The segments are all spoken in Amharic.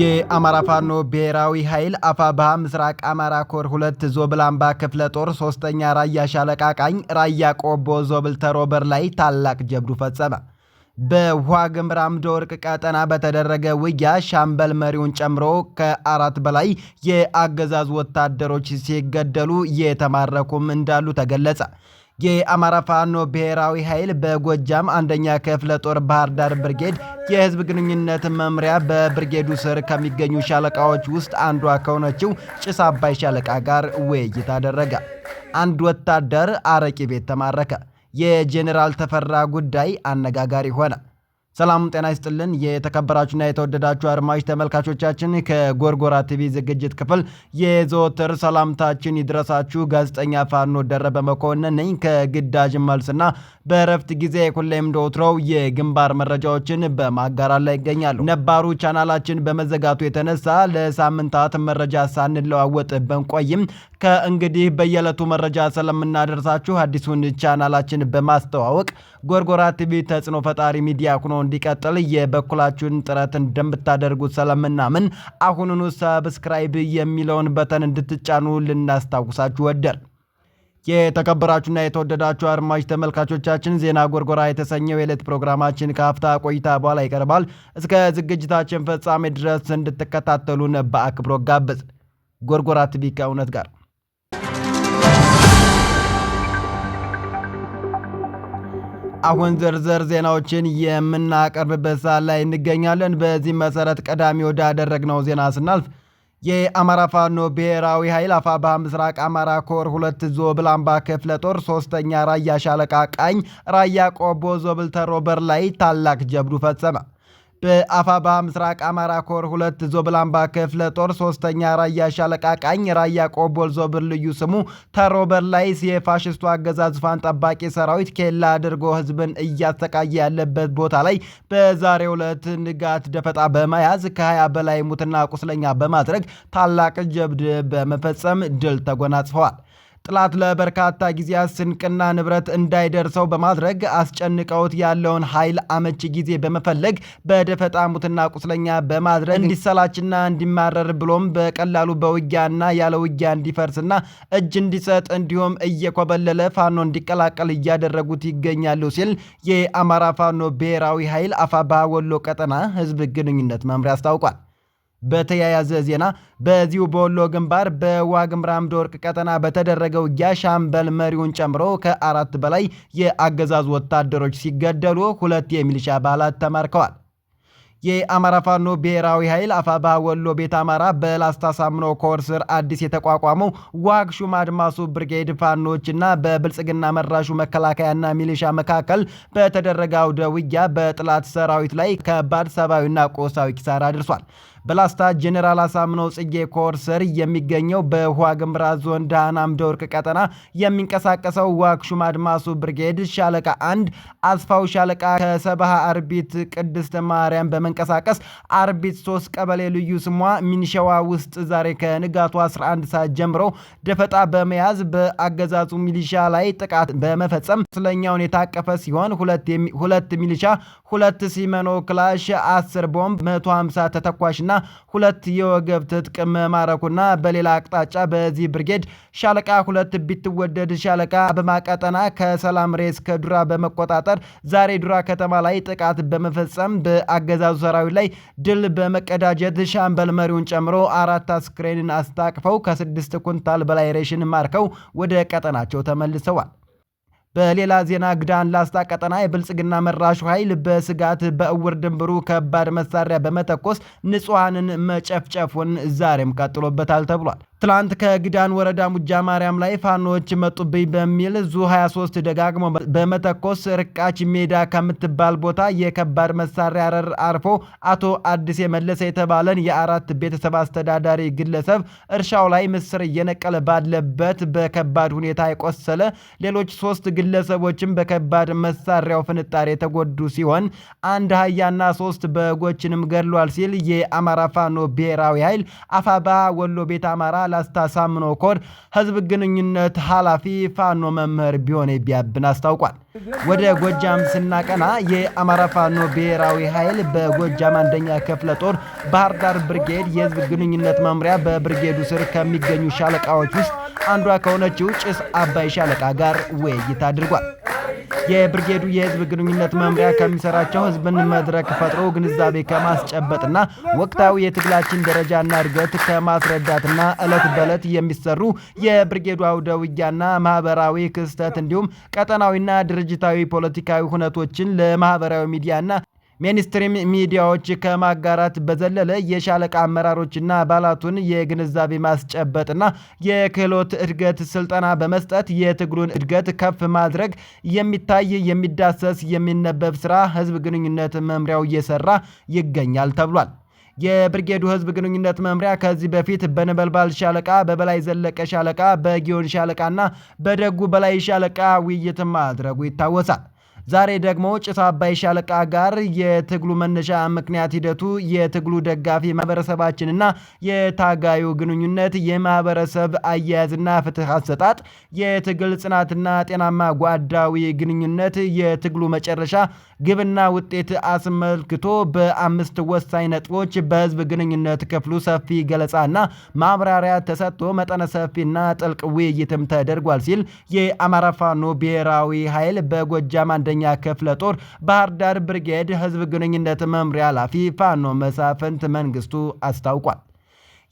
የአማራ ፋኖ ብሔራዊ ኃይል አፋብሃ ምስራቅ አማራ ኮር ሁለት ዞብላምባ ክፍለ ጦር ሶስተኛ ራያ ሻለቃ ቃኝ ራያ ቆቦ ዞብል ተሮበር ላይ ታላቅ ጀብዱ ፈጸመ። በውሃ አምደ ወርቅ ቀጠና በተደረገ ውጊያ ሻምበል መሪውን ጨምሮ ከአራት በላይ የአገዛዙ ወታደሮች ሲገደሉ የተማረኩም እንዳሉ ተገለጸ። የአማራ ፋኖ ብሔራዊ ኃይል በጎጃም አንደኛ ክፍለ ጦር ባህር ዳር ብርጌድ የህዝብ ግንኙነት መምሪያ በብርጌዱ ስር ከሚገኙ ሻለቃዎች ውስጥ አንዷ ከሆነችው ጭስ አባይ ሻለቃ ጋር ውይይት አደረገ። አንድ ወታደር አረቂ ቤት ተማረከ። የጄኔራል ተፈራ ጉዳይ አነጋጋሪ ሆነ። ሰላም ጤና ይስጥልን። የተከበራችሁና የተወደዳችሁ አድማጭ ተመልካቾቻችን ከጎርጎራ ቲቪ ዝግጅት ክፍል የዘወትር ሰላምታችን ይድረሳችሁ። ጋዜጠኛ ፋኖ ደረበ መኮንን ነኝ። ከግዳጅ መልስና በእረፍት ጊዜ ሁሌም እንደወትሮው የግንባር መረጃዎችን በማጋራት ላይ ይገኛሉ። ነባሩ ቻናላችን በመዘጋቱ የተነሳ ለሳምንታት መረጃ ሳንለዋወጥ ብንቆይም ከእንግዲህ በየዕለቱ መረጃ ስለምናደርሳችሁ አዲሱን ቻናላችን በማስተዋወቅ ጎርጎራ ቲቪ ተጽዕኖ ፈጣሪ ሚዲያ ሆኖ እንዲቀጥል የበኩላችሁን ጥረት እንደምታደርጉ ስለምናምን አሁኑኑ ሰብስክራይብ የሚለውን በተን እንድትጫኑ ልናስታውሳችሁ ወደር የተከበራችሁና የተወደዳችሁ አድማጭ ተመልካቾቻችን ዜና ጎርጎራ የተሰኘው የዕለት ፕሮግራማችን ከአፍታ ቆይታ በኋላ ይቀርባል። እስከ ዝግጅታችን ፍጻሜ ድረስ እንድትከታተሉን በአክብሮት ጋበዝ። ጎርጎራ ቲቪ ከእውነት ጋር አሁን ዝርዝር ዜናዎችን የምናቀርብበት ሰዓት ላይ እንገኛለን። በዚህ መሰረት ቀዳሚ ወዳደረግነው ዜና ስናልፍ የአማራ ፋኖ ብሔራዊ ኃይል አፋባ ምስራቅ አማራ ኮር ሁለት ዞብል አምባ ክፍለ ጦር ሶስተኛ ራያ ሻለቃ ቃኝ ራያ ቆቦ ዞብል ተሮበር ላይ ታላቅ ጀብዱ ፈጸመ። በአፋባ ምስራቅ አማራ ኮር ሁለት ዞብላምባ ክፍለ ጦር ሶስተኛ ራያ ሻለቃ ቃኝ ራያ ቆቦል ዞብር ልዩ ስሙ ተሮበር ላይስ የፋሽስቱ አገዛዝ ዙፋን ጠባቂ ሰራዊት ኬላ አድርጎ ህዝብን እያሰቃየ ያለበት ቦታ ላይ በዛሬው ዕለት ንጋት ደፈጣ በመያዝ ከ20 በላይ ሙትና ቁስለኛ በማድረግ ታላቅ ጀብድ በመፈጸም ድል ተጎናጽፈዋል። ጥላት ለበርካታ ጊዜያት ስንቅና ንብረት እንዳይደርሰው በማድረግ አስጨንቀውት ያለውን ኃይል አመቺ ጊዜ በመፈለግ በደፈጣ ሙትና ቁስለኛ በማድረግ እንዲሰላችና እንዲማረር ብሎም በቀላሉ በውጊያና ያለ ውጊያ እንዲፈርስና እጅ እንዲሰጥ እንዲሁም እየኮበለለ ፋኖ እንዲቀላቀል እያደረጉት ይገኛሉ ሲል የአማራ ፋኖ ብሔራዊ ኃይል አፋባ ወሎ ቀጠና ህዝብ ግንኙነት መምሪያ አስታውቋል። በተያያዘ ዜና በዚሁ በወሎ ግንባር በዋግምራም ዶርቅ ቀጠና በተደረገው ውጊያ ሻምበል መሪውን ጨምሮ ከአራት በላይ የአገዛዙ ወታደሮች ሲገደሉ ሁለት የሚሊሻ አባላት ተማርከዋል። የአማራ ፋኖ ብሔራዊ ኃይል አፋባ ወሎ ቤት አማራ በላስታ ሳምኖ ኮር ስር አዲስ የተቋቋመው ዋግሹም አድማሱ ብርጌድ ፋኖችና በብልጽግና መራሹ መከላከያና ሚሊሻ መካከል በተደረገ አውደ ውጊያ በጥላት ሰራዊት ላይ ከባድ ሰብአዊና ቆሳዊ ኪሳራ አድርሷል። በላስታ ጄኔራል አሳምነው ጽጌ ኮር ስር የሚገኘው ግምራ ዞን ዳህናም ደወርቅ ቀጠና የሚንቀሳቀሰው ዋክሹም አድማሱ ብርጌድ ሻለቃ አንድ አስፋው ሻለቃ ከሰብሃ አርቢት ቅድስት ማርያም በመንቀሳቀስ አርቢት ሶስት ቀበሌ ልዩ ስሟ ሚንሸዋ ውስጥ ዛሬ ከንጋቱ 11 ሰዓት ጀምሮ ደፈጣ በመያዝ በአገዛዙ ሚሊሻ ላይ ጥቃት በመፈጸም ስለኛውን የታቀፈ ሲሆን ሁለት ሚሊሻ ሁለት ሲመኖ ክላሽ 10 ቦምብ 150 ተተኳሽና ሻለቃና ሁለት የወገብ ትጥቅ መማረኩና በሌላ አቅጣጫ በዚህ ብርጌድ ሻለቃ ሁለት ቢትወደድ ሻለቃ በማቀጠና ከሰላም ሬስ ከዱራ በመቆጣጠር ዛሬ ዱራ ከተማ ላይ ጥቃት በመፈጸም በአገዛዙ ሰራዊት ላይ ድል በመቀዳጀት ሻምበል መሪውን ጨምሮ አራት አስክሬንን አስታቅፈው ከስድስት ኩንታል በላይ ሬሽን ማርከው ወደ ቀጠናቸው ተመልሰዋል። በሌላ ዜና ግዳን ላስታ ቀጠና የብልጽግና መራሹ ኃይል በስጋት በእውር ድንብሩ ከባድ መሳሪያ በመተኮስ ንጹሐንን መጨፍጨፉን ዛሬም ቀጥሎበታል ተብሏል። ትላንት ከግዳን ወረዳ ሙጃ ማርያም ላይ ፋኖዎች መጡብኝ በሚል ዙ 23 ደጋግሞ በመተኮስ ርቃች ሜዳ ከምትባል ቦታ የከባድ መሳሪያ አረር አርፎ አቶ አዲስ የመለሰ የተባለን የአራት ቤተሰብ አስተዳዳሪ ግለሰብ እርሻው ላይ ምስር እየነቀለ ባለበት በከባድ ሁኔታ የቆሰለ፣ ሌሎች ሶስት ግለሰቦችም በከባድ መሳሪያው ፍንጣሪ የተጎዱ ሲሆን አንድ አህያና ሶስት በጎችንም ገድሏል ሲል የአማራ ፋኖ ብሔራዊ ኃይል አፋባ ወሎ ቤት አማራ ላስታ ሳምኖ ኮር ህዝብ ግንኙነት ኃላፊ ፋኖ መምህር ቢሆነ ቢያብን አስታውቋል። ወደ ጎጃም ስናቀና የአማራ ፋኖ ብሔራዊ ኃይል በጎጃም አንደኛ ክፍለ ጦር ባህር ዳር ብርጌድ የህዝብ ግንኙነት መምሪያ በብርጌዱ ስር ከሚገኙ ሻለቃዎች ውስጥ አንዷ ከሆነችው ጭስ አባይ ሻለቃ ጋር ውይይት አድርጓል። የብርጌዱ የህዝብ ግንኙነት መምሪያ ከሚሰራቸው ህዝብን መድረክ ፈጥሮ ግንዛቤ ከማስጨበጥና ወቅታዊ የትግላችን ደረጃና እድገት ከማስረዳትና እለት በእለት የሚሰሩ የብርጌዱ አውደ ውጊያና ማህበራዊ ክስተት እንዲሁም ቀጠናዊና ድርጅታዊ ፖለቲካዊ ሁነቶችን ለማህበራዊ ሚዲያና ሜንስትሪም ሚዲያዎች ከማጋራት በዘለለ የሻለቃ አመራሮችና አባላቱን የግንዛቤ ማስጨበጥና የክህሎት እድገት ስልጠና በመስጠት የትግሉን እድገት ከፍ ማድረግ የሚታይ የሚዳሰስ የሚነበብ ስራ ህዝብ ግንኙነት መምሪያው እየሰራ ይገኛል ተብሏል። የብርጌዱ ህዝብ ግንኙነት መምሪያ ከዚህ በፊት በነበልባል ሻለቃ፣ በበላይ ዘለቀ ሻለቃ፣ በጊዮን ሻለቃና በደጉ በላይ ሻለቃ ውይይት ማድረጉ ይታወሳል። ዛሬ ደግሞ ጭቶ አባይ ሻለቃ ጋር የትግሉ መነሻ ምክንያት ሂደቱ፣ የትግሉ ደጋፊ ማህበረሰባችንና የታጋዩ ግንኙነት፣ የማህበረሰብ አያያዝና ፍትህ አሰጣጥ፣ የትግል ጽናትና ጤናማ ጓዳዊ ግንኙነት፣ የትግሉ መጨረሻ ግብና ውጤት አስመልክቶ በአምስት ወሳኝ ነጥቦች በህዝብ ግንኙነት ክፍሉ ሰፊ ገለጻና ማብራሪያ ተሰጥቶ መጠነ ሰፊና ጥልቅ ውይይትም ተደርጓል ሲል የአማራ ፋኖ ብሔራዊ ኃይል በጎጃም አንድ አንደኛ ክፍለ ጦር ባህር ዳር ብርጌድ ህዝብ ግንኙነት መምሪያ ኃላፊ ፋኖ መሳፍንት መንግስቱ አስታውቋል።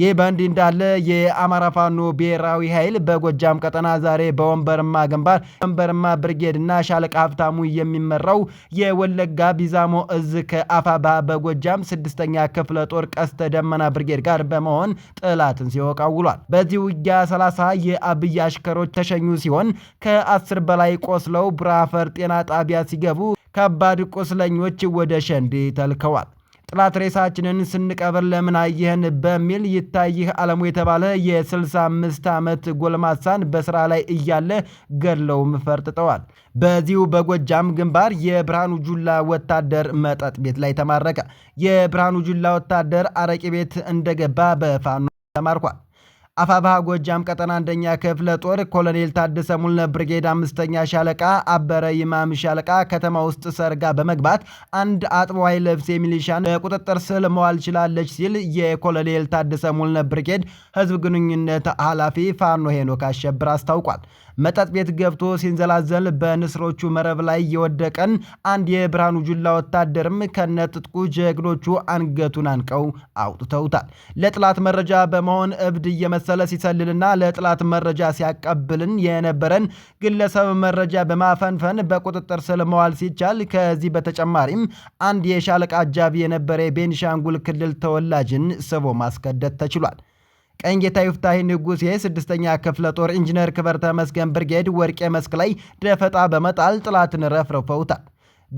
ይህ በእንዲህ እንዳለ የአማራ ፋኖ ብሔራዊ ኃይል በጎጃም ቀጠና ዛሬ በወንበርማ ግንባር ወንበርማ ብርጌድና ሻለቃ ሀብታሙ የሚመራው የወለጋ ቢዛሞ እዝ ከአፋባ በጎጃም ስድስተኛ ክፍለ ጦር ቀስተ ደመና ብርጌድ ጋር በመሆን ጠላትን ሲወቃ ውሏል። በዚህ ውጊያ 30 የአብይ አሽከሮች ተሸኙ ሲሆን ከአስር በላይ ቆስለው ብራፈር ጤና ጣቢያ ሲገቡ ከባድ ቁስለኞች ወደ ሸንዴ ተልከዋል። ጥላት ሬሳችንን ስንቀብር ለምን አየህን በሚል ይታይህ አለሙ የተባለ የ65 ዓመት ጎልማሳን በስራ ላይ እያለ ገድለውም ፈርጥጠዋል። በዚሁ በጎጃም ግንባር የብርሃኑ ጁላ ወታደር መጠጥ ቤት ላይ ተማረከ። የብርሃኑ ጁላ ወታደር አረቂ ቤት እንደገባ በፋኖ ተማርኳል። አፋባሃ ጎጃም ቀጠና አንደኛ ክፍለ ጦር ኮሎኔል ታደሰ ሙልነ ብርጌድ አምስተኛ ሻለቃ አበረ ይማም ሻለቃ ከተማ ውስጥ ሰርጋ በመግባት አንድ አጥቦ አይለብስ የሚሊሻን በቁጥጥር ስር መዋል ችላለች ሲል የኮሎኔል ታደሰ ሙልነ ብርጌድ ህዝብ ግንኙነት ኃላፊ ፋኖ ሄኖክ አሸብር አስታውቋል። መጠጥ ቤት ገብቶ ሲንዘላዘል በንስሮቹ መረብ ላይ የወደቀን አንድ የብርሃኑ ጁላ ወታደርም ከነጥጥቁ ጀግኖቹ አንገቱን አንቀው አውጥተውታል። ለጥላት መረጃ በመሆን እብድ እየመሰለ ሲሰልልና ለጥላት መረጃ ሲያቀብልን የነበረን ግለሰብ መረጃ በማፈንፈን በቁጥጥር ስር መዋል ሲቻል፣ ከዚህ በተጨማሪም አንድ የሻለቃ አጃቢ የነበረ የቤንሻንጉል ክልል ተወላጅን ስቦ ማስከደት ተችሏል። ቀኝ ጌታ ይፍታሄ ንጉሴ ስድስተኛ ክፍለ ጦር ኢንጂነር ክበር ተመስገን ብርጌድ ወርቄ መስክ ላይ ደፈጣ በመጣል ጥላትን ረፍረፈውታል።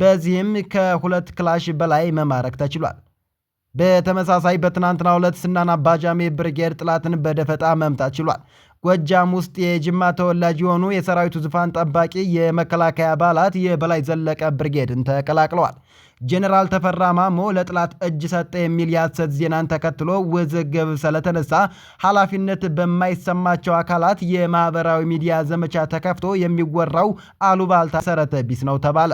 በዚህም ከሁለት ክላሽ በላይ መማረክ ተችሏል። በተመሳሳይ በትናንትናው ዕለት ስናን አባጃሜ ብርጌድ ጥላትን በደፈጣ መምታት ችሏል። ጎጃም ውስጥ የጅማ ተወላጅ የሆኑ የሰራዊቱ ዙፋን ጠባቂ የመከላከያ አባላት የበላይ ዘለቀ ብርጌድን ተቀላቅለዋል። ጄኔራል ተፈራ ማሞ ለጥላት እጅ ሰጠ የሚል የሐሰት ዜናን ተከትሎ ውዝግብ ስለተነሳ ኃላፊነት በማይሰማቸው አካላት የማህበራዊ ሚዲያ ዘመቻ ተከፍቶ የሚወራው አሉባልታ ሰረተ ቢስ ነው ተባለ።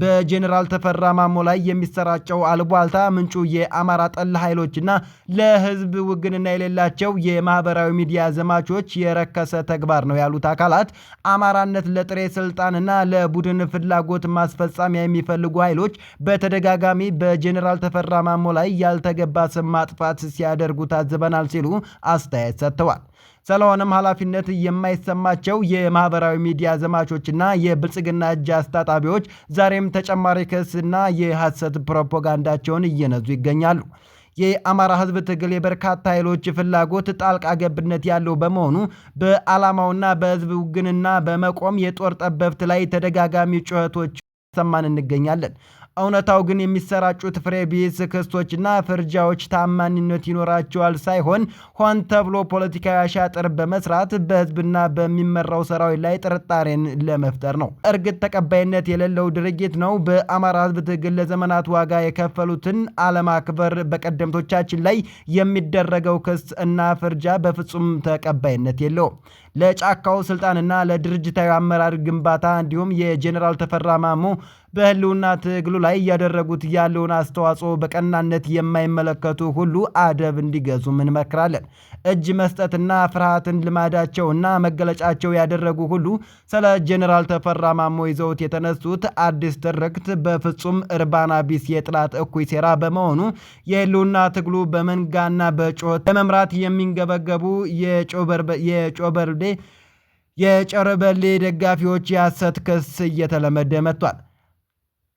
በጄኔራል ተፈራ ማሞ ላይ የሚሰራጨው አልቧልታ ምንጩ የአማራ ጠል ኃይሎችና ለህዝብ ውግንና የሌላቸው የማህበራዊ ሚዲያ ዘማቾች የረከሰ ተግባር ነው ያሉት አካላት አማራነት ለጥሬ ስልጣንና ለቡድን ፍላጎት ማስፈጻሚያ የሚፈልጉ ኃይሎች በተደጋጋሚ በጄኔራል ተፈራ ማሞ ላይ ያልተገባ ስም ማጥፋት ሲያደርጉ ታዝበናል ሲሉ አስተያየት ሰጥተዋል። ስለሆነም ኃላፊነት የማይሰማቸው የማህበራዊ ሚዲያ ዘማቾችና የብልጽግና እጅ አስታጣቢዎች ዛሬም ተጨማሪ ክስና የሐሰት ፕሮፓጋንዳቸውን እየነዙ ይገኛሉ። የአማራ ህዝብ ትግል የበርካታ ኃይሎች ፍላጎት ጣልቃ ገብነት ያለው በመሆኑ በዓላማውና በህዝብ ውግንና በመቆም የጦር ጠበብት ላይ ተደጋጋሚ ጩኸቶች ሰማን እንገኛለን። እውነታው ግን የሚሰራጩት ፍሬ ቢስ ክስቶችና ፍርጃዎች ታማኒነት ይኖራቸዋል ሳይሆን ሆን ተብሎ ፖለቲካዊ አሻጥር በመስራት በህዝብና በሚመራው ሰራዊት ላይ ጥርጣሬን ለመፍጠር ነው። እርግጥ ተቀባይነት የሌለው ድርጊት ነው። በአማራ ህዝብ ትግል ለዘመናት ዋጋ የከፈሉትን አለማክበር፣ በቀደምቶቻችን ላይ የሚደረገው ክስ እና ፍርጃ በፍጹም ተቀባይነት የለውም። ለጫካው ስልጣንና ለድርጅታዊ አመራር ግንባታ እንዲሁም የጄኔራል ተፈራ ማሞ በህልውና ትግሉ ላይ እያደረጉት ያለውን አስተዋጽኦ በቀናነት የማይመለከቱ ሁሉ አደብ እንዲገዙ እንመክራለን። እጅ መስጠትና ፍርሃትን ልማዳቸውና መገለጫቸው ያደረጉ ሁሉ ስለ ጄኔራል ተፈራ ማሞ ይዘውት የተነሱት አዲስ ትርክት በፍጹም እርባና ቢስ የጥላት እኩይ ሴራ በመሆኑ የህልውና ትግሉ በመንጋና በጩኸት ለመምራት የሚንገበገቡ የጮበርዴ የጨረበሌ ደጋፊዎች የሐሰት ክስ እየተለመደ መጥቷል።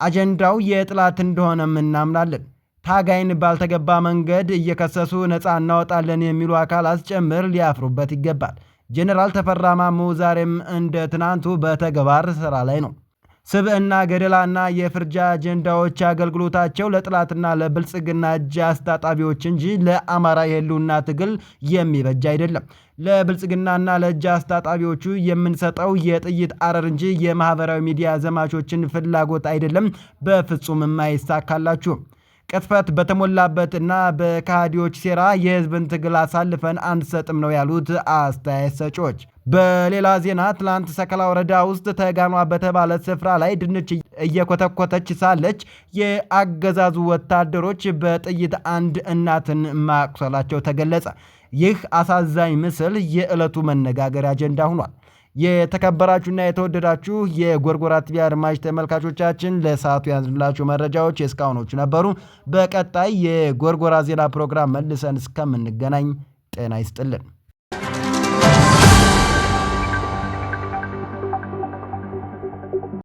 አጀንዳው የጥላት እንደሆነም እናምናለን። ታጋይን ባልተገባ መንገድ እየከሰሱ ነፃ እናወጣለን የሚሉ አካላት ጭምር ሊያፍሩበት ይገባል። ጄኔራል ተፈራ ማሞ ዛሬም እንደ ትናንቱ በተግባር ስራ ላይ ነው። ስብዕና ገደላና የፍርጃ አጀንዳዎች አገልግሎታቸው ለጥላትና ለብልጽግና እጅ አስታጣቢዎች እንጂ ለአማራ የህልውና ትግል የሚበጅ አይደለም። ለብልጽግናና ለእጅ አስታጣቢዎቹ የምንሰጠው የጥይት አረር እንጂ የማህበራዊ ሚዲያ ዘማቾችን ፍላጎት አይደለም፣ በፍጹም የማይሳካላችሁ ቅጥፈት በተሞላበትና በካሃዲዎች ሴራ የህዝብን ትግል አሳልፈን አንሰጥም ነው ያሉት አስተያየት ሰጪዎች። በሌላ ዜና ትላንት ሰከላ ወረዳ ውስጥ ተጋኗ በተባለ ስፍራ ላይ ድንች እየኮተኮተች ሳለች የአገዛዙ ወታደሮች በጥይት አንድ እናትን ማቁሰላቸው ተገለጸ። ይህ አሳዛኝ ምስል የዕለቱ መነጋገሪያ አጀንዳ ሆኗል። የተከበራችሁና የተወደዳችሁ የጎርጎራ ቲቪ አድማጭ ተመልካቾቻችን ለሰዓቱ ያዝንላችሁ መረጃዎች የእስካሁኖቹ ነበሩ። በቀጣይ የጎርጎራ ዜና ፕሮግራም መልሰን እስከምንገናኝ ጤና ይስጥልን።